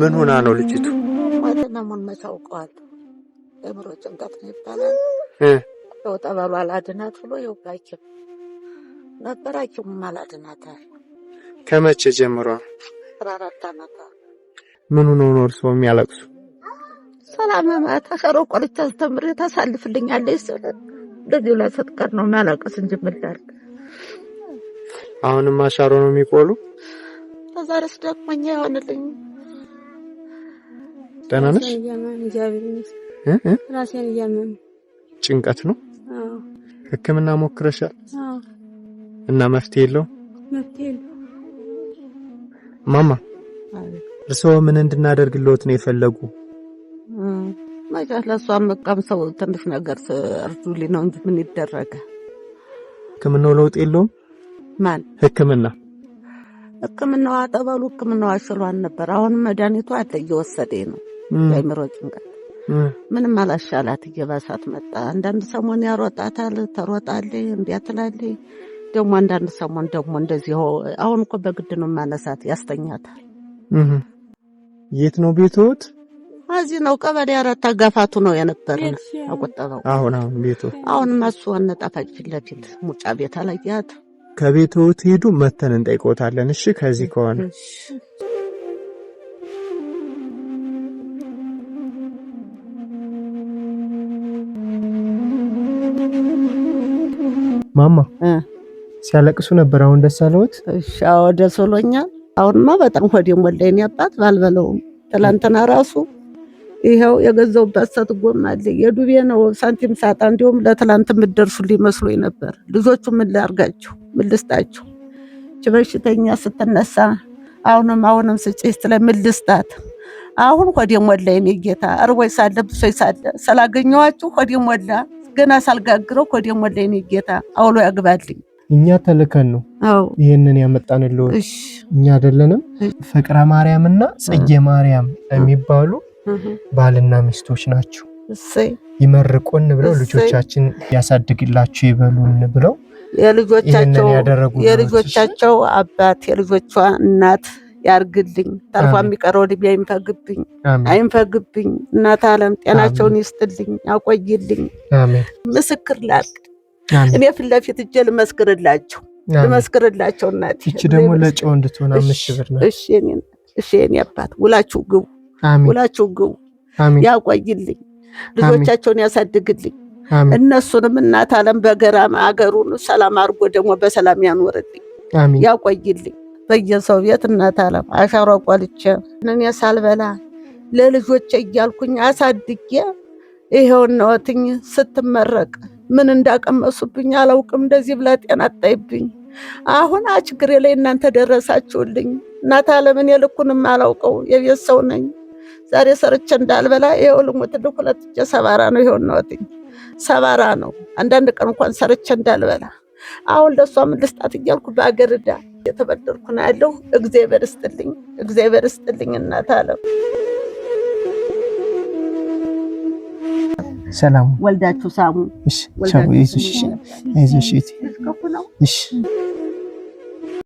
ምን ሆና ነው ልጅቱ? ማተናሙን መታውቀዋል። እምሮ ጭንቀት ነው ይባላል። ያው ጠበሉ አላድናት ብሎ የውጋቸው ነበር። ሐኪሙም አላድናታል። ከመቼ ጀምሮ? አስራ አራት ዓመት። ምን ሆኖ ነው እርስዎ የሚያለቅሱ? ሰላም ማታ ከሮ ቆልቻ አስተምሬ ታሳልፍልኛለች ስለ እንደዚህ ላይ ስትቀር ነው የሚያለቅስ እንጂ ምላል አሁንም አሻሮ ነው የሚቆሉ ተዛረስ ደግሞ እኛ ይሆንልኝ ደህና ነሽ? ራሴን እያመመኝ ጭንቀት ነው። ህክምና ሞክረሻል? እና መፍትሄ የለው? ማማ እርስዎ ምን እንድናደርግልዎት ነው የፈለጉ? መጫት ለእሷም መቃም ሰው ትንሽ ነገር እርዱልኝ ነው እንጂ ምን ይደረገ። ሕክምናው ለውጥ የለውም? ማን ህክምና ሕክምናዋ ጠበሉ ሕክምናዋ አሽሏን ነበር። አሁንም መድኃኒቱ አለ እየወሰደ ነው የአይምሮ ጭንቀት ምንም አላሻላት እየባሳት መጣ። አንዳንድ ሰሞን ያሮጣታል፣ ተሮጣል፣ እምቢ ትላለች። ደግሞ አንዳንድ ሰሞን ደግሞ እንደዚህ አሁን እኮ በግድ ነው ማነሳት፣ ያስተኛታል። የት ነው ቤቶት? እዚህ ነው ቀበሌ አራት አጋፋቱ ነው የነበረ አቆጠበው። አሁን አሁን ቤቶ አሁን ማሱ ዋና ፊት ለፊት ሙጫ ቤት አላያት። ከቤቶት ሄዱ መተን እንጠይቆታለን። እሺ ከዚህ ከሆነ ማማ ሲያለቅሱ ነበር። አሁን ደስ አለዎት? አዎ ደስ ብሎኛል። አሁንማ በጣም ሆዴ ሞላ። የኔ አባት ባልበለውም ትላንትና ራሱ ይኸው የገዛሁባት ሰት ጎማ አለ የዱቤ ነው ሳንቲም ሳጣ እንዲሁም ለትላንት የምትደርሱ ሊመስሉኝ ነበር። ልጆቹ ምን ላርጋቸው? ምን ልስጣቸው? በሽተኛ ስትነሳ አሁንም አሁንም ስጭ ስትለ ምን ልስጣት? አሁን ሆዴ ሞላ የኔ ጌታ። እርቦኝ ሳለ ብሶኝ ሳለ ስላገኘኋችሁ ሆዴ ሞላ። ገና ሳልጋግረው ኮዲም ወደኔ ጌታ አውሎ ያግባልኝ። እኛ ተልከን ነው ይህንን ያመጣንልህ፣ እኛ አይደለንም። ፍቅረ ማርያምና ጽጌ ማርያም የሚባሉ ባልና ሚስቶች ናቸው። ይመርቁን ብለው ልጆቻችን ያሳድግላቸው ይበሉን ብለው የልጆቻቸው አባት የልጆቿ እናት ያርግልኝ። ተርፏ የሚቀረው ዕድሜ አይንፈግብኝ አይንፈግብኝ። እናት አለም ጤናቸውን ይስጥልኝ ያቆይልኝ። ምስክር ላቅ እኔ ፊት ለፊት እጄ ልመስክርላቸው ልመስክርላቸው። እናቴ ይቺ ደግሞ ለጨው እንድትሆን አምስት ብር ናት። እሺ የኔ አባት ውላችሁ ግቡ፣ ውላችሁ ግቡ። ያቆይልኝ፣ ልጆቻቸውን ያሳድግልኝ። እነሱንም እናት አለም በገራም አገሩን ሰላም አድርጎ ደግሞ በሰላም ያኖርልኝ፣ ያቆይልኝ በየሰው ቤት እናት አለም አሻሮ ቆልቼ እኔ ሳልበላ ለልጆቼ እያልኩኝ አሳድጌ ይሄው ነወትኝ ስትመረቅ ምን እንዳቀመሱብኝ አላውቅም። እንደዚህ ብላ ጤና አጣይብኝ። አሁን ችግሬ ላይ እናንተ ደረሳችሁልኝ። እናት አለምን የልኩንም አላውቀው የቤት ሰው ነኝ። ዛሬ ሰርቼ እንዳልበላ ይኸው ልሞት ሁለት እጄ ሰባራ ነው። ይሆን ነወትኝ ሰባራ ነው። አንዳንድ ቀን እንኳን ሰርቼ እንዳልበላ አሁን ለእሷ ምን ልስጣት እያልኩ በአገር እዳ የተበደርኩ ነው ያለው። እግዚአብሔር ይስጥልኝ፣ እግዚአብሔር ይስጥልኝ እናት አለው። ሰላም ወልዳችሁ ሳሙ።